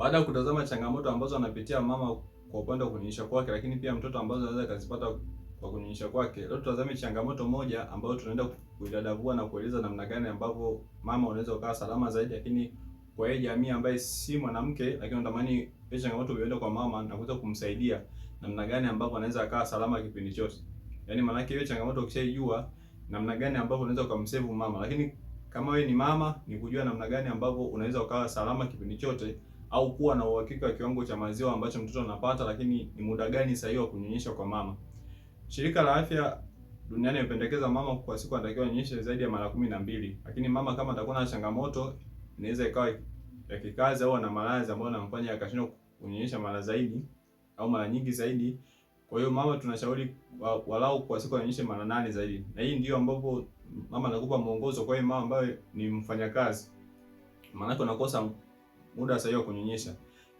Baada ya kutazama changamoto ambazo anapitia mama kwa upande wa kunyonyesha kwake, lakini pia mtoto ambazo anaweza akazipata kwa kunyonyesha kwake, leo tutazame changamoto moja ambayo tunaenda kuidadavua na kueleza namna gani ambavyo mama unaweza ukawa salama zaidi, lakini kwa yeye jamii ambaye si mwanamke lakini unatamani hiyo changamoto iende kwa mama na kuweza kumsaidia namna gani ambavyo anaweza akawa salama kipindi chote. Yaani maana yake hiyo changamoto ukishaijua namna gani ambavyo unaweza ukamsave mama, lakini kama wewe ni mama ni kujua namna gani ambavyo unaweza ukawa salama kipindi chote au kuwa na uhakika wa kiwango cha maziwa ambacho mtoto anapata, lakini ni muda gani sahihi wa kunyonyesha kwa mama. Shirika la Afya Duniani imependekeza mama kwa siku anatakiwa anyonyeshe zaidi ya mara kumi na mbili, lakini mama kama atakuwa na changamoto inaweza ikawa ya kikazi au ana maradhi ambayo anamfanya akashindwa kunyonyesha mara zaidi au mara nyingi zaidi. Kwa hiyo mama tunashauri walau kwa siku anyonyeshe mara nane zaidi, na hii ndio ambapo mama anakupa mwongozo. Kwa hiyo mama ambaye ni mfanyakazi, maanake unakosa muda sahihi wa kunyonyesha.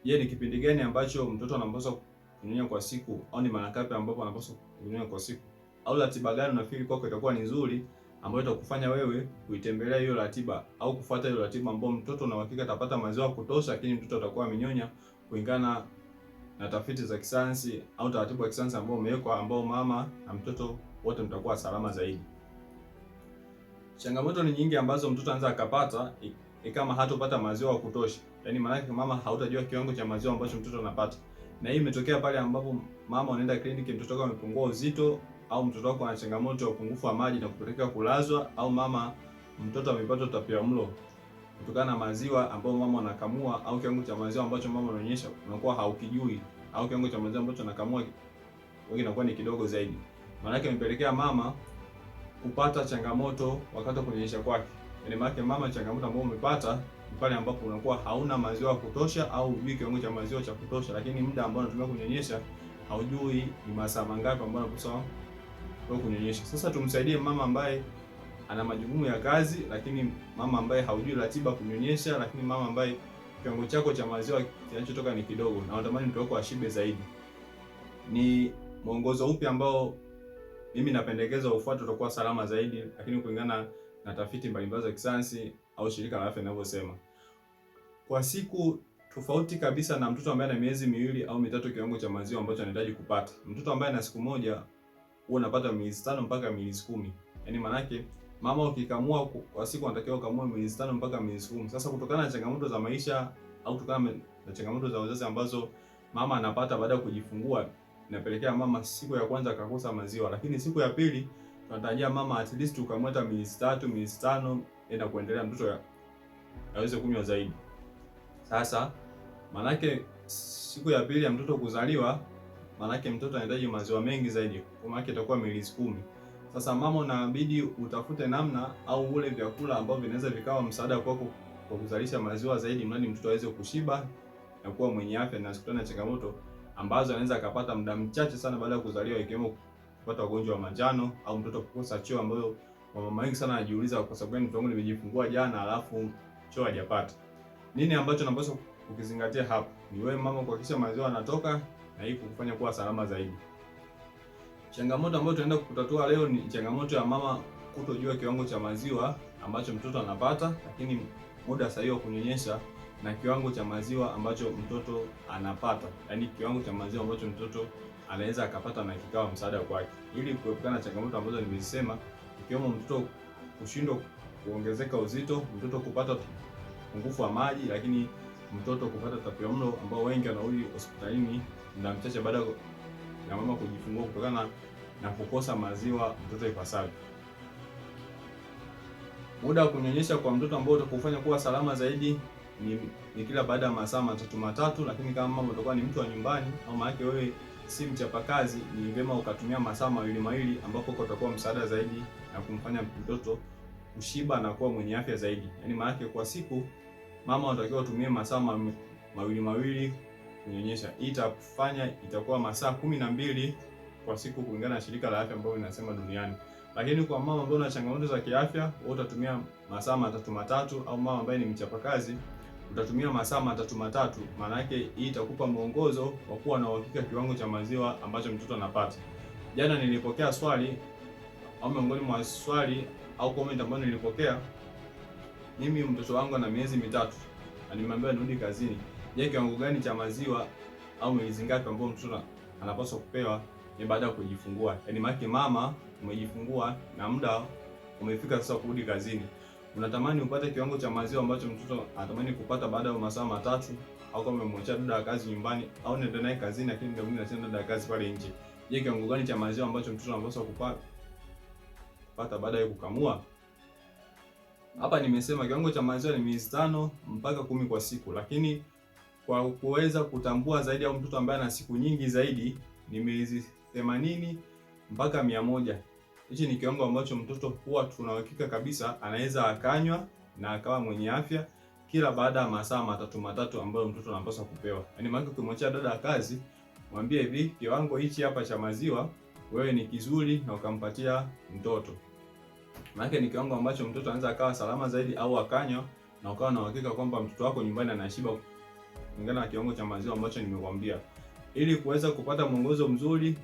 Je, ni kipindi gani ambacho mtoto anapaswa kunyonya kwa siku au ni mara ngapi ambapo anapaswa kunyonya kwa siku? Au ratiba gani unafikiri kwako itakuwa ni nzuri ambayo itakufanya wewe kuitembelea hiyo ratiba au kufuata hiyo ratiba ambayo mtoto na uhakika atapata maziwa ya kutosha, lakini mtoto atakuwa amenyonya kulingana na tafiti za kisayansi au taratibu za kisayansi ambao umewekwa, ambao mama na mtoto wote mtakuwa salama zaidi. Changamoto ni nyingi ambazo mtoto anaweza akapata ni kama hatopata maziwa ya kutosha. Yaani maanake mama hautajua kiwango cha maziwa ambacho mtoto anapata. Na hii imetokea pale ambapo mama unaenda kliniki, mtoto wako amepungua uzito au mtoto wako ana changamoto ya upungufu wa maji na kupeleka kulazwa, au mama mtoto amepata utapiamlo kutokana na maziwa ambayo mama anakamua au kiwango cha maziwa ambacho mama anaonyesha unakuwa haukijui, au kiwango cha maziwa ambacho anakamua wewe inakuwa ni kidogo zaidi. Maana yake imepelekea mama kupata changamoto wakati wa kunyonyesha kwake. Yaani maana mama, changamoto ambayo umepata ni pale ambapo unakuwa hauna maziwa ya kutosha au hujui kiwango cha maziwa cha kutosha, lakini muda ambao unatumia kunyonyesha haujui ni masaa mangapi ambayo kwa kunyonyesha. Sasa tumsaidie mama ambaye ana majukumu ya kazi, lakini mama ambaye haujui ratiba kunyonyesha, lakini mama ambaye kiwango chako cha maziwa kinachotoka ni kidogo na unatamani mtoto wako ashibe zaidi. Ni mwongozo upi ambao mimi napendekeza ufuate, utakuwa salama zaidi, lakini kulingana na tafiti mbalimbali za kisayansi au shirika la afya linavyosema, kwa siku tofauti kabisa na mtoto ambaye ana miezi miwili au mitatu, kiwango cha maziwa ambacho anahitaji kupata. Mtoto ambaye ana siku moja huwa anapata mililita tano mpaka mililita kumi. Yaani manake mama ukikamua kwa siku anatakiwa ukamue mililita tano mpaka mililita kumi. Sasa kutokana na changamoto za maisha au kutokana na changamoto za uzazi ambazo mama anapata baada ya kujifungua, inapelekea mama siku ya kwanza akakosa maziwa, lakini siku ya pili tunatarajia mama at least ukamweta milisi tatu milisi tano enda kuendelea mtoto aweze kunywa zaidi. Sasa manake siku ya pili ya mtoto kuzaliwa, manake mtoto anahitaji maziwa mengi zaidi, kwa maana itakuwa milisi kumi. Sasa mama, unabidi utafute namna au ule vyakula ambavyo vinaweza vikawa msaada kwako kwa kuzalisha maziwa zaidi, mradi mtoto aweze kushiba na kuwa mwenye afya na asikutane na changamoto ambazo anaweza akapata muda mchache sana baada ya kuzaliwa, ikiwemo kupata ugonjwa wa manjano au mtoto kukosa choo, ambayo mama wengi sana anajiuliza kwa sababu gani mtoto wangu nimejifungua jana alafu choo hajapata. Nini ambacho napaswa ukizingatia hapo? Ni wewe mama kuhakikisha maziwa yanatoka na hii kukufanya kuwa salama zaidi. Changamoto ambayo tunaenda kutatua leo ni changamoto ya mama kutojua kiwango cha maziwa ambacho mtoto anapata, lakini muda sahihi wa kunyonyesha na kiwango cha maziwa ambacho mtoto anapata, yaani kiwango cha maziwa ambacho mtoto anaweza akapata na kikawa msaada kwake, ili kuepukana na changamoto ambazo nimezisema, ikiwemo mtoto kushindwa kuongezeka uzito, mtoto kupata upungufu wa maji, lakini mtoto kupata tapiamlo ambao wengi wanauli hospitalini na mchache baada ya mama kujifungua kutokana na kukosa maziwa mtoto ipasavyo. Muda wa kunyonyesha kwa mtoto ambao utakufanya kuwa salama zaidi ni, ni kila baada ya masaa matatu matatu, lakini kama mama utakuwa ni mtu wa nyumbani au maana yake wewe si mchapakazi, ni vyema ukatumia masaa mawili mawili, ambapo kutakuwa msaada zaidi na kumfanya mtoto kushiba na kuwa mwenye afya zaidi. Yaani maana yake kwa siku mama anatakiwa watumie masaa mawili mawili kunyonyesha. itafanya itakuwa masaa kumi na mbili kwa siku kulingana na shirika la afya ambalo linasema duniani. Lakini kwa mama ambaye ana changamoto za kiafya, wewe utatumia masaa matatu matatu, au mama ambaye ni mchapakazi utatumia masaa matatu matatu, maana yake hii itakupa mwongozo wa kuwa na uhakika kiwango cha maziwa ambacho mtoto anapata. Jana nilipokea swali au miongoni mwa swali au comment ambayo nilipokea, mimi mtoto wangu ana miezi mitatu na nimeambiwa nirudi kazini. Je, kiwango gani cha maziwa au miezi ngapi ambayo mtoto anapaswa kupewa ni baada ya kujifungua? Yaani maana mama umejifungua na muda umefika sasa kurudi kazini unatamani upate kiwango cha maziwa ambacho mtoto anatamani kupata baada ya masaa matatu, au kama umemwachia dada ya kazi nyumbani au unaenda naye kazini, lakini ndio mwingine anasema dada ya kazi pale nje. Je, kiwango gani cha maziwa ambacho mtoto anapaswa kupata kupata baada ya kukamua? Hapa nimesema kiwango cha maziwa ni miezi tano mpaka kumi kwa siku, lakini kwa kuweza kutambua zaidi au mtoto ambaye ana siku nyingi zaidi ni miezi themanini mpaka mia moja. Hichi ni kiwango ambacho mtoto huwa tunahakika kabisa anaweza akanywa na akawa mwenye afya kila baada ya masaa matatu matatu ambayo mtoto anapaswa kupewa. Yaani maana ukimwachia dada kazi, mwambie hivi, kiwango hichi hapa cha maziwa wewe ni kizuri na ukampatia mtoto. Maana ni kiwango ambacho mtoto anaweza akawa salama zaidi au akanywa na ukawa na uhakika kwamba mtoto wako nyumbani anashiba kulingana na kiwango cha maziwa ambacho nimekwambia. Ili kuweza kupata mwongozo mzuri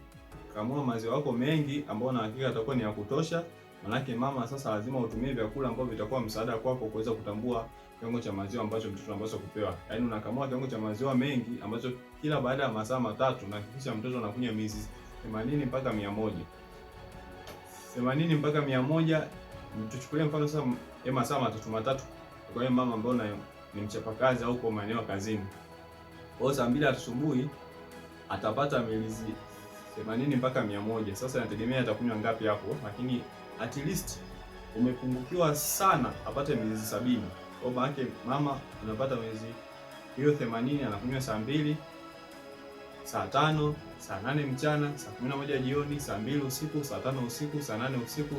kamua maziwa yako mengi, ambayo na hakika yatakuwa ni ya kutosha. Manake mama sasa lazima utumie vyakula ambavyo vitakuwa msaada kwako kuweza kutambua kiwango cha maziwa ambacho mtoto anapaswa kupewa. Yaani unakamua kiwango cha maziwa mengi ambacho kila baada ya masaa matatu unahakikisha mtoto anakunywa mizi 80 mpaka 100. 80 mpaka 100, tuchukulie mfano sasa ya masaa matatu matatu. Kwa hiyo mama ambaye unayo ni mchapakazi au kwa maeneo kazini. Kwa hiyo saa 2 asubuhi atapata milizi 80 mpaka 100. Sasa inategemea atakunywa ngapi hapo, lakini at least umepungukiwa sana apate miezi sabini. Kwa maana yake mama unapata miezi hiyo 80 anakunywa saa mbili, saa tano, saa nane mchana, saa moja jioni, saa mbili usiku, saa tano usiku, saa nane usiku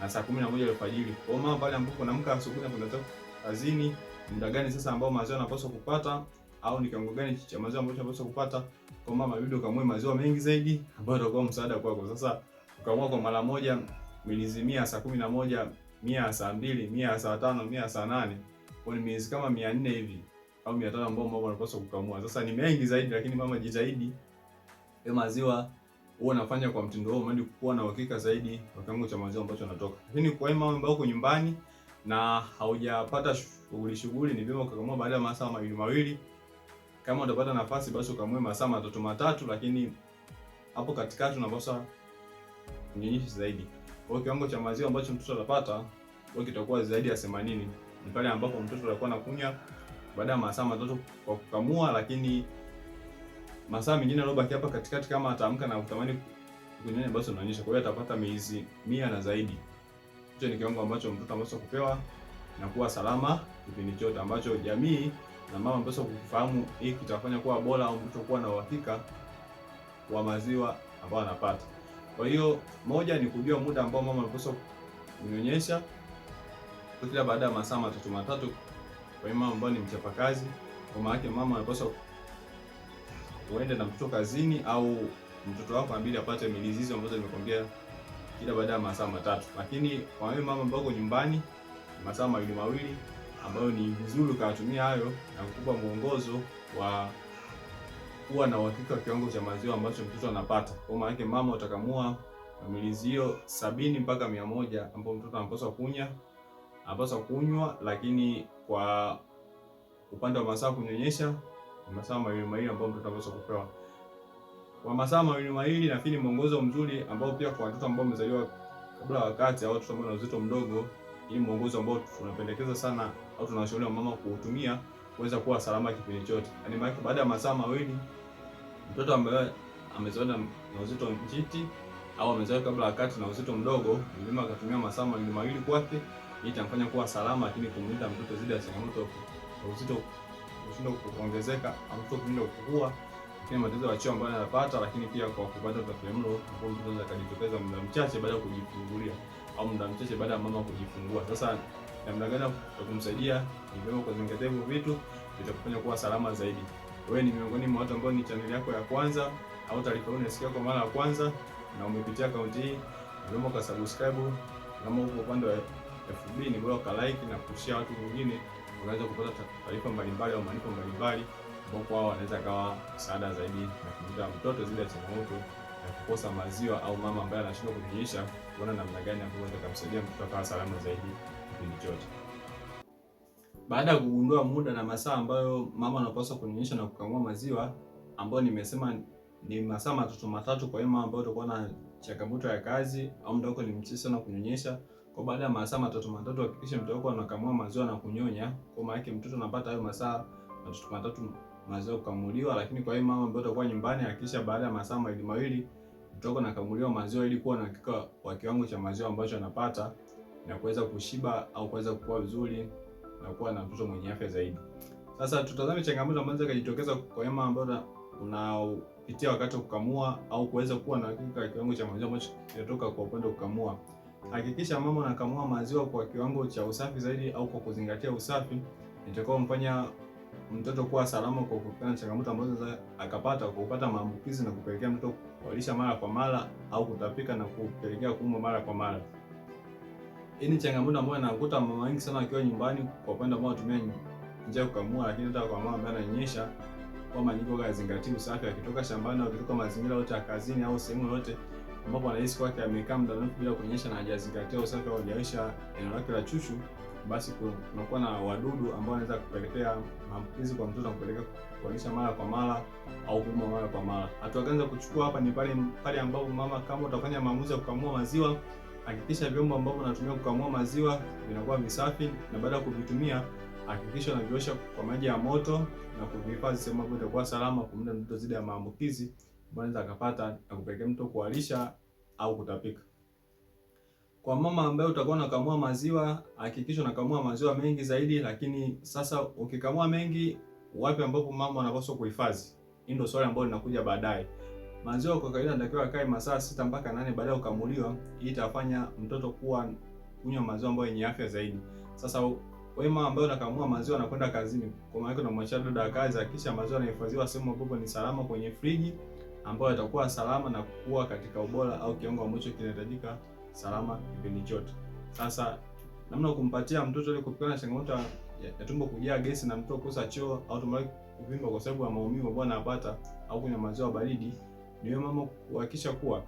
na saa moja alfajiri. Kwa mama pale ambapo naamka asubuhi na kuenda kazini, muda gani sasa ambao maziwa anapaswa kupata? au ni kiwango gani cha maziwa ambacho unapaswa kupata kwa mama, inabidi ukamue maziwa mengi zaidi ambayo itakuwa msaada kwako. Sasa ukamua kwa mara moja mililita mia saa kumi na moja mia saa mbili mia saa tano mia saa nane kwa ni miezi kama mia nne hivi au mia tano ambao mama anapaswa kukamua. Sasa ni mengi zaidi, lakini mama jitahidi hiyo maziwa huwa nafanya kwa mtindo huo, maana kuwa na uhakika zaidi kwa kiwango cha maziwa ambacho anatoka. Lakini kwa hiyo mama ambao uko nyumbani na haujapata shughuli shughuli, ni vyema ukakamua baada ya masaa mawili mawili kama utapata nafasi, basi ukamue masaa matatu matatu, lakini hapo katikati unapaswa mnyonyeshe zaidi. Kwa kiwango cha maziwa ambacho mtoto atapata kwa kitakuwa zaidi ya 80 ni pale ambapo mtoto atakuwa anakunywa baada ya masaa matatu kwa kukamua, lakini masaa mengine aliyobaki hapa katikati, kama ataamka na kutamani kunyonya, basi unaonyesha. Kwa hiyo atapata miezi mia na zaidi. Hicho ni kiwango ambacho mtoto anapaswa kupewa na kuwa salama kipindi chote ambacho jamii na mama mpaswa kufahamu hii kitafanya kuwa bora au mtoto kuwa na uhakika wa maziwa ambayo anapata. Kwa hiyo moja ni kujua muda ambao mama anapaswa kunyonyesha kila baada ya masaa matatu matatu. Kwa hiyo mama ambaye ni mchapakazi, kwa maana yake mama anapaswa kuenda na mtoto kazini au mtoto wako ambili apate milizi hizo ambazo nimekuambia kila baada ya masaa matatu. Lakini kwa wewe mama ambao nyumbani masaa mawili mawili ambayo ni vizuri ukayatumia hayo na kukupa mwongozo wa kuwa na uhakika wa kiwango cha maziwa ambacho mtoto anapata. Kwa maana yake mama utakamua milizio sabini mpaka mia moja ambapo mtoto anapaswa kunya anapaswa kunywa, lakini kwa upande wa masaa kunyonyesha ni masaa mawili mawili ambayo mtoto anapaswa kupewa kwa masaa mawili mawili. Nafikiri mwongozo mzuri ambao pia kwa watoto ambao wamezaliwa kabla wakati au watoto ambao na uzito mdogo, ili mwongozo ambao tunapendekeza sana au tunashauri mama kuutumia kuweza kuwa salama kipindi chote. Yaani maana baada ya masaa mawili mtoto ambaye amezoea na uzito njiti au amezoea kabla wakati na uzito mdogo, mlima akatumia masaa mawili mawili kwake, ili itamfanya kuwa salama, lakini kumlinda mtoto zidi ya changamoto ya uzito kushindwa kuongezeka au mtoto kushindwa kukua pia matatizo ya choo ambayo anapata, lakini pia kwa kupata utapiamlo ambao mtoto anaweza kujitokeza muda mchache baada ya kujifungulia au muda mchache baada ya mama kujifungua. Sasa namna gani ya kumsaidia, ikiwemo kuzingatia hivyo vitu vitakufanya kuwa salama zaidi. Wewe ni miongoni mwa watu ambao ni channel yako ya kwanza au taarifa hii unasikia kwa mara ya kwanza na umepitia account hii, ikiwemo ka subscribe kama uko upande wa FB ni bora ka like na kushare watu wengine, unaweza kupata taarifa mbalimbali au maandiko mbalimbali ambao kwa wanaweza kawa msaada zaidi na kumtoa mtoto zile changamoto ya kukosa maziwa au mama ambaye anashindwa kunyonyesha, kuona namna gani ambavyo anaweza kumsaidia mtoto akawa salama zaidi kipindi chote. Baada ya kugundua muda na masaa ambayo mama anapaswa kunyonyesha na kukamua maziwa ambayo nimesema ni masaa matatu matatu, kwa hiyo mama ambayo utakuwa na changamoto ya kazi au muda wako ni mchache sana kunyonyesha, kwa baada ya masaa matatu matatu hakikisha mtoto wako anakamua maziwa na kunyonya, kwa maana yake mtoto anapata hayo masaa matatu matatu maziwa kukamuliwa. Lakini kwa hiyo mama ambayo utakuwa nyumbani, hakikisha baada ya masaa mawili mawili mtoto anakamuliwa maziwa ili kuwa na hakika wa kiwango cha maziwa ambacho anapata na kuweza kushiba au kuweza kukua vizuri na kuwa na mtoto mwenye afya zaidi. Sasa tutazame changamoto ambazo zikajitokeza kwa mama ambaye unapitia wakati wa kukamua au kuweza kuwa na hakika kiwango cha maziwa ambacho kinatoka kwa upande wa kukamua. Hakikisha mama anakamua maziwa kwa kiwango cha usafi zaidi au kwa kuzingatia usafi itakao mfanya mtoto kuwa salama kwa kupata changamoto ambazo akapata kwa kupata maambukizi na kupelekea mtoto kuwalisha mara kwa mara au kutapika na kupelekea kuumwa mara kwa mara. Hii yaani changamoto ambayo inakuta mama wengi sana wakiwa nyumbani kwa upande ambao wanatumia njia kukamua, lakini hata kwa mama ambaye ananyonyesha kwamba kwa kazingatia usafi akitoka shambani au kutoka mazingira yote ya kazini au sehemu yoyote ambapo anahisi kwake amekaa muda mrefu bila kunyesha na hajazingatia usafi au hajaosha eneo lake la chuchu, basi kunakuwa na wadudu ambao wanaweza kupelekea maambukizi kwa mtoto na kupelekea kuharisha mara kwa mara au kuuma mara kwa mara. Hatua gani za kuchukua hapa ni pale pale ambapo mama, kama utafanya maamuzi ya kukamua maziwa hakikisha vyombo ambavyo unatumia kukamua maziwa vinakuwa visafi, na baada ya kuvitumia hakikisha unaviosha kwa maji ya moto na kuvihifadhi sehemu ambayo itakuwa salama kwa muda mrefu dhidi ya maambukizi anaweza akapata na kupelekea mtu kualisha au kutapika. Kwa mama ambaye utakuwa unakamua maziwa, hakikisha unakamua maziwa mengi zaidi. Lakini sasa ukikamua mengi, wapi ambapo mama anapaswa kuhifadhi? Hii ndio swali ambalo linakuja baadaye. Maziwa kwa kawaida anatakiwa akae masaa sita mpaka nane baada ya kukamuliwa, hii itafanya mtoto kuwa kunywa maziwa ambayo yenye afya zaidi. Sasa Wema ambaye unakamua maziwa anakwenda kazini, kwa maana tunamwachia dada kazi, akisha maziwa yanahifadhiwa sehemu ambapo ni salama kwenye friji ambayo yatakuwa salama na kukua katika ubora au kiwango ambacho kinahitajika salama kipindi chote. Sasa namna kumpatia mtoto ili kupigana changamoto ya tumbo kujaa gesi na mtoto kukosa choo au tumbo kuvimba kwa sababu ya maumivu ambayo anapata au kunywa maziwa baridi niwe mama kuhakikisha kuwa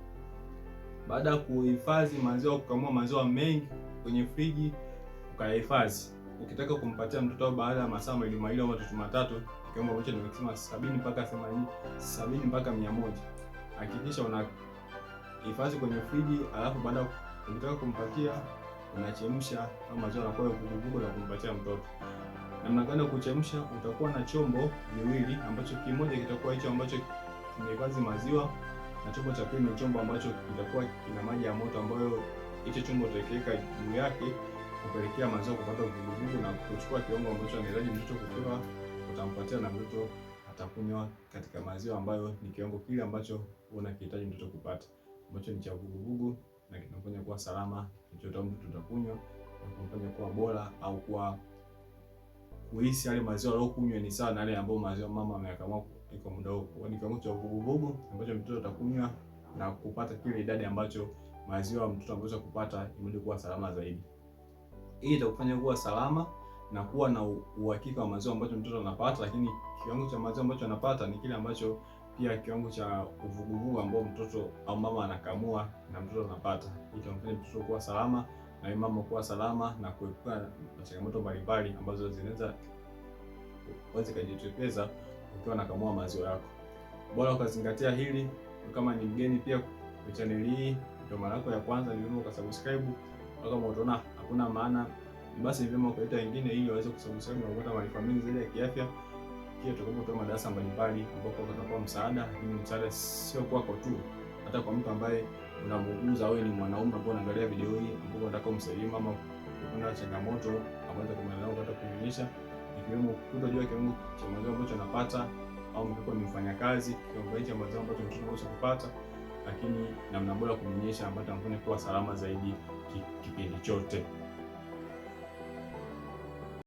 baada ya kuhifadhi maziwa, kukamua maziwa mengi kwenye friji ukayahifadhi, ukitaka kumpatia mtoto baada ya masaa mawili mawili au matatu matatu, kiwango ambacho nimesema sabini mpaka themanini sabini mpaka mia moja hakikisha una hifadhi kwenye friji, alafu baada ukitaka kumpatia unachemsha au maziwa yanakuwa vuguvugu na kumpatia mtoto. Namna gani kuchemsha? Utakuwa na chombo miwili ambacho kimoja kitakuwa hicho ambacho kinahifadhi maziwa, na chombo cha pili ni chombo ambacho kitakuwa kina maji ya moto ambayo hicho chombo utakiweka juu yake kupelekea maziwa kupata vuguvugu na kuchukua kiwango ambacho anahitaji mtoto kupewa, utampatia na mtoto atakunywa katika maziwa ambayo ni kiwango kile ambacho unakihitaji mtoto kupata, ambacho ni cha vuguvugu na kinafanya kuwa salama mtoto atakunywa na kufanya kuwa bora au kuwa kuhisi yale maziwa aliyokunywa ni sawa na yale ambayo maziwa mama ameyakamua ni kwa muda huo, ni kiwango cha uvuguvugu ambacho mtoto atakunywa na kupata kile idadi ambacho maziwa mtoto anaweza kupata ili kuwa salama zaidi. Hii itakufanya kuwa salama na kuwa na uhakika wa maziwa ambacho mtoto anapata, lakini kiwango cha maziwa ambacho anapata ni kile ambacho pia kiwango cha uvuguvugu ambao mtoto au mama anakamua na mtoto anapata. Hii itamfanya mtoto kuwa salama na mama kuwa salama na kuepuka changamoto mbalimbali ambazo zinaweza kujitokeza ukiwa nakamua maziwa yako. Bora ukazingatia hili. Kama ni mgeni pia kwa chaneli hii, ndio mara yako ya kwanza, ni vyema ukasubscribe. Kama utaona hakuna maana, basi ni vyema ukaita wengine ili waweze kusubscribe na kupata maarifa mengi zaidi ya kiafya. Pia tutakapotoa madarasa mbalimbali ambapo watakuwa msaada, lakini msaada sio kwako tu, hata kwa mtu ambaye unamuuguza wewe, ni mwanaume ambaye unaangalia video hii, ambapo unataka kumsaidia mama, kuna changamoto ambazo kwa maana unataka kuionyesha ikiwemo kutojua kiwango cha mazao ambacho anapata, au mtoto ni mfanyakazi, kiwango cha mazao ambacho mtoto kupata, lakini namna bora kumnyonyesha ambayo atamfanya kuwa salama zaidi kipindi chote.